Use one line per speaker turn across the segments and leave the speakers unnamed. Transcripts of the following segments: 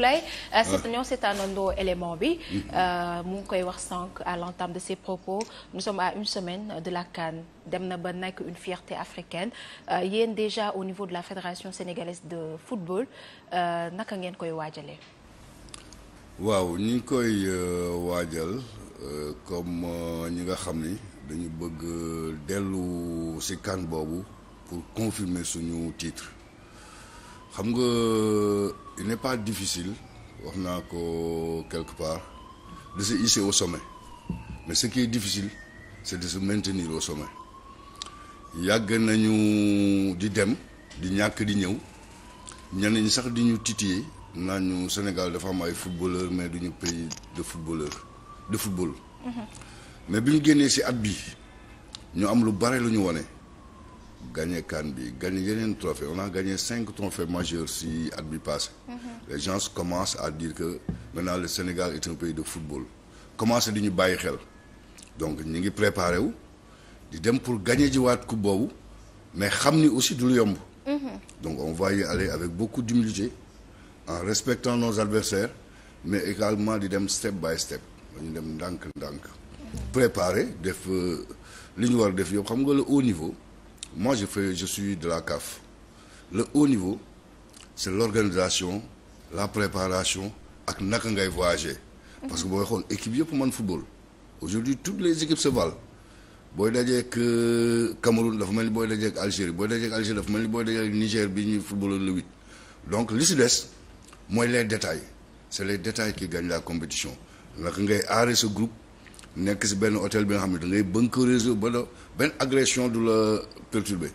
Abdoulaye seeta ñoo seetaanandoo élément bi mm-hmm. euh, mu ngi koy wax sànq à l'entame de ses propos nous sommes à une semaine de la CAN dem na ba nekk une fierté africaine euh, yéen déjà au niveau de la Fédération sénégalaise de football euh, naka ngeen koy waajalee waaw ñu koy waajal comme ñi nga xam ni dañu bëgg dellu ci CAN boobu pour confirmer suñu titre xam nga il n'est pas difficile wax naa ko quelque part de se hisser au sommet mais ce qui est difficile c'est de se maintenir au sommet yàgg nañu di dem di ñàkk di ñëw ñan ñi sax di ñu titiller naan Sénégal dafa am ay footballeur mais duñu pays de footballeur de football. Mhm. mais bi ñu génnee si at bi ñu am lu bare lu ñu wone gagné CAN bi gagné yeneen trophée on a gagné cinq trophées majeurs at bi passé mhm. les gens commencent à dire que maintenant le Sénégal est un pays de football commencé di ñu bàyyi xel donc ñu ngi préparé wu di dem pour gagné jiwaat coupe boobu mais xam ni aussi du lu yomb mhm. donc on va y aller avec beaucoup d'humilité en respectant nos adversaires mais également di dem step by step dañu dem ndànk ndànk mhm. préparer def euh, li ñu war def yow xam nga le haut niveau Moi, je, fais, je suis de la CAF. Le haut niveau, c'est l'organisation, la préparation ak naka ngay voyager. parce que booy xool équipe yëpp man football. aujourd'hui toutes les équipes se valent booy dajeek euh, Cameroun dafa ma ni booy dajeek Algérie booy dajeek Algérie dafa mel ni booy dajeek Niger bi ñuy football le huit. donc li si des mooy les détails c'est les détails qui gagnent la compétition naka ngay aaree sa groupe. nekk si benn hôtel bi nga xam ne da ngay bunkeriser ba do benn agression du la perturber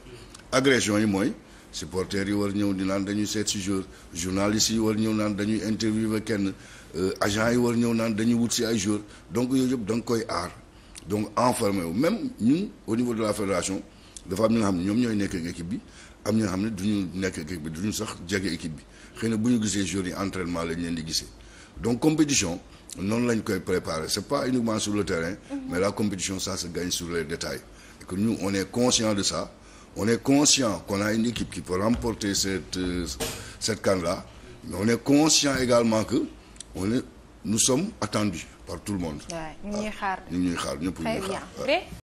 agression yi mooy supporters yi war ñëw di naan dañuy seet si joueur journalistes yi war ñëw naan dañuy interviewer kenn euh, agent yi war ñëw naan dañuy wut si ay joueur donc yooyu yëpp da nga koy aar donc enfermé wu même ñun au niveau de la fédération dafa am ñi nga xam ñoom ñooy nekk ak bi am ñi nga xam ne duñu nekk ak équipe bi duñu sax jege équipe bi xëy na bu ñu gisee joueurs yi entraînement lañ leen di gisee donc compétition noonu lañ koy préparer c'est pas uniquement sur le terrain mhm. mais la compétition ça se gagne sur les détails et que nous on est conscient de ça on est conscient qu'on a une équipe qui peut remporter cette euh, cette CAN là mais on est conscient également que on est nous sommes attendus par tout le monde. waaw ñu ah, ngi ñuy xaar ñu ngi ñuy xaar ñëpp ñu ngi xaar